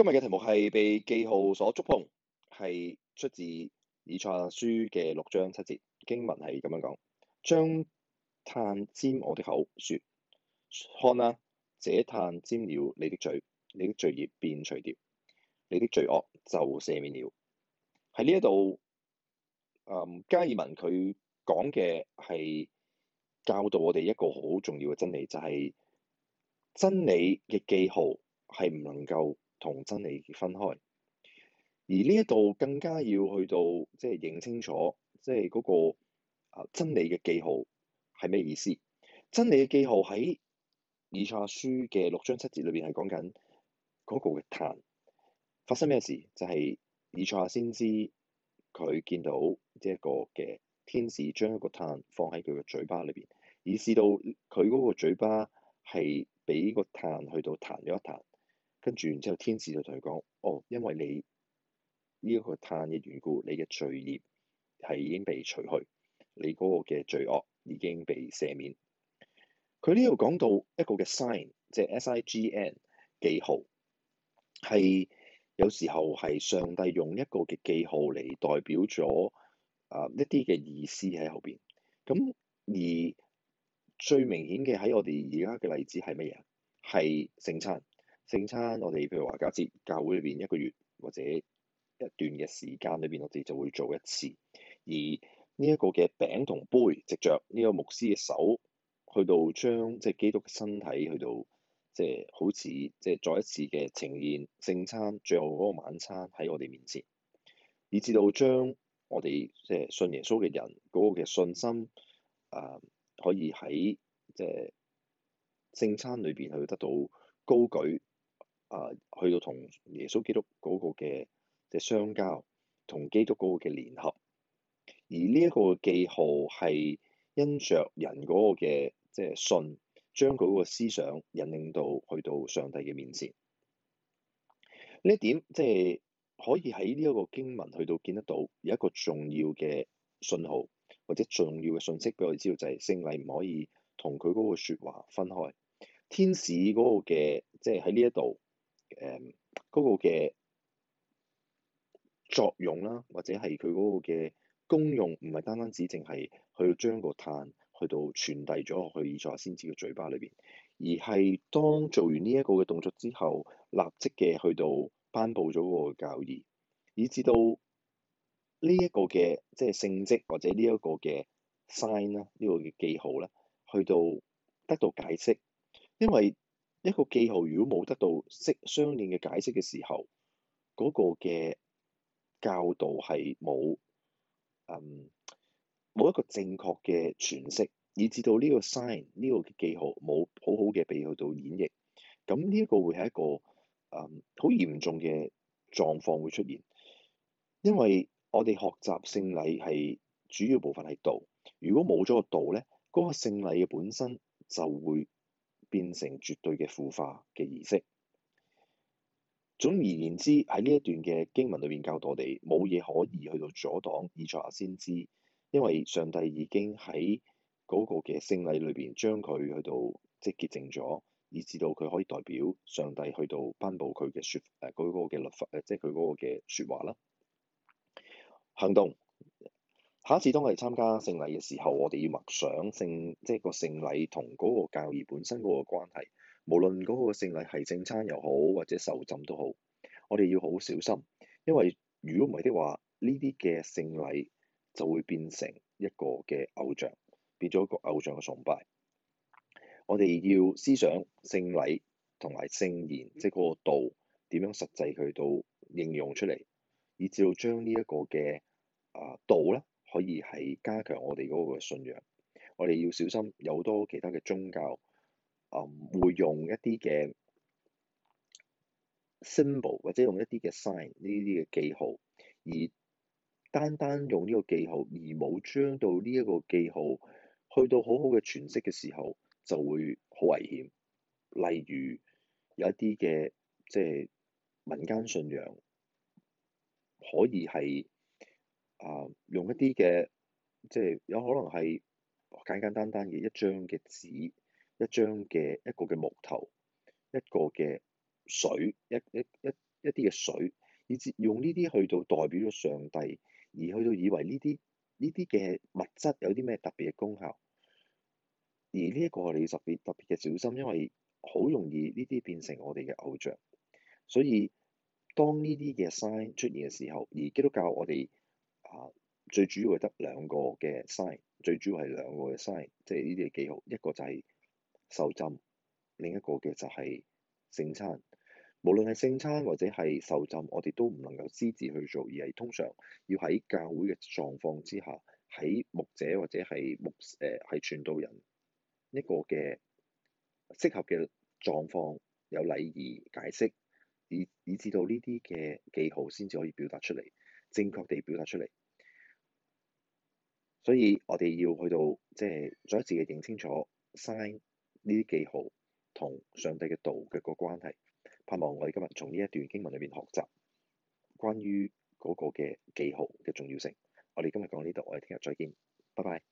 今日嘅題目係被記號所觸碰，係出自以賽亞書嘅六章七節經文樣，係咁樣講：將炭沾我的口說，說看啦、啊，這炭沾了你的罪，你的罪孽便除掉，你的罪惡就赦免了。喺呢一度，誒、嗯、加爾文佢講嘅係教導我哋一個好重要嘅真理，就係、是、真理嘅記號係唔能夠。同真理分開，而呢一度更加要去到即係、就是、認清楚，即係嗰個啊真理嘅記號係咩意思？真理嘅記號喺以賽亞書嘅六章七節裏邊係講緊嗰個嘅碳發生咩事？就係以賽亞先知佢見到即係一個嘅天使將一個碳放喺佢嘅嘴巴裏邊，以示到佢嗰個嘴巴係俾個碳去到彈咗一彈。跟住，然之後天使就同佢講：哦，因為你呢一個炭嘅緣故，你嘅罪孽係已經被除去，你嗰個嘅罪惡已經被赦免。佢呢度講到一個嘅 sign，即係 sign 記號，係有時候係上帝用一個嘅記號嚟代表咗一啲嘅意思喺後邊。咁而最明顯嘅喺我哋而家嘅例子係乜嘢？係聖餐。聖餐，我哋譬如話，假設教會裏邊一個月或者一段嘅時間裏邊，我哋就會做一次。而呢一個嘅餅同杯，藉著呢個牧師嘅手，去到將即係基督嘅身體，去到即係好似即係再一次嘅呈現聖餐，最後嗰個晚餐喺我哋面前，以致到將我哋即係信耶穌嘅人嗰個嘅信心，嗯，可以喺即係聖餐裏邊去得到高舉。啊！去到同耶穌基督嗰個嘅即係相交，同基督嗰個嘅聯合。而呢一個記號係因着人嗰個嘅即係信，將佢嗰個思想引領到去到上帝嘅面前。呢一點即係、就是、可以喺呢一個經文去到見得到有一個重要嘅信號，或者重要嘅信息俾我哋知道，就係聖禮唔可以同佢嗰個説話分開。天使嗰個嘅即係喺呢一度。就是誒，嗰個嘅作用啦，或者係佢嗰個嘅功用，唔係單單只淨係去將個碳去到傳遞咗落去以賽亞先知嘅嘴巴裏邊，而係當做完呢一個嘅動作之後，立即嘅去到頒布咗嗰個教義，以至到呢一個嘅即係性質，或者呢一個嘅 sign 啦，呢個嘅記號啦，去到得到解釋，因為。一個記號，如果冇得到釋相應嘅解釋嘅時候，嗰、嗰個嘅教導係冇嗯冇一個正確嘅詮釋，以至到呢個 sign 呢、呢個嘅記號冇好好嘅被去到演繹。咁呢一個會係一個嗯好嚴重嘅狀況會出現，因為我哋學習聖禮係主要部分係道。如果冇咗、那個道咧，嗰個聖禮嘅本身就會變成絕對嘅腐化嘅儀式。總而言之，喺呢一段嘅經文裏面，教導我哋冇嘢可以去到阻擋以賽亞先知，因為上帝已經喺嗰個嘅聖禮裏邊將佢去到即係潔淨咗，以至到佢可以代表上帝去到頒布佢嘅説誒嗰個嘅律法誒，即係佢嗰個嘅説話啦。行動。下次當我哋參加聖禮嘅時候，我哋要默想聖即係、就是、個聖禮同嗰個教義本身嗰個關係。無論嗰個聖禮係聖餐又好，或者受浸都好，我哋要好小心，因為如果唔係的話，呢啲嘅聖禮就會變成一個嘅偶像，變咗一個偶像嘅崇拜。我哋要思想聖禮同埋聖言，即係嗰個道點樣實際去到應用出嚟，以至到將呢一個嘅啊道咧。可以係加強我哋嗰個信仰，我哋要小心有好多其他嘅宗教，啊、嗯、會用一啲嘅 symbol 或者用一啲嘅 sign 呢啲嘅記號，而單單用呢個記號而冇將到呢一個記號去到好好嘅詮釋嘅時候，就會好危險。例如有一啲嘅即係民間信仰可以係。啊！用一啲嘅，即係有可能係簡簡單單嘅一張嘅紙，一張嘅一個嘅木頭，一個嘅水，一一一一啲嘅水，以至用呢啲去到代表咗上帝，而去到以為呢啲呢啲嘅物質有啲咩特別嘅功效。而呢一個你特別特別嘅小心，因為好容易呢啲變成我哋嘅偶像。所以當呢啲嘅 sign 出現嘅時候，而基督教我哋。啊，最主要係得兩個嘅 sign，最主要係兩個嘅 sign，即係呢啲嘅記號。一個就係受浸，另一個嘅就係聖餐。無論係聖餐或者係受浸，我哋都唔能夠私自去做，而係通常要喺教會嘅狀況之下，喺牧者或者係牧，誒係傳道人一個嘅適合嘅狀況，有禮儀解釋，以以至到呢啲嘅記號先至可以表達出嚟。正確地表達出嚟，所以我哋要去到即係，再一次要認清楚 sign 呢啲記號同上帝嘅道嘅個關係。盼望我哋今日從呢一段經文裏面學習關於嗰個嘅記號嘅重要性。我哋今日講到呢度，我哋聽日再見，拜拜。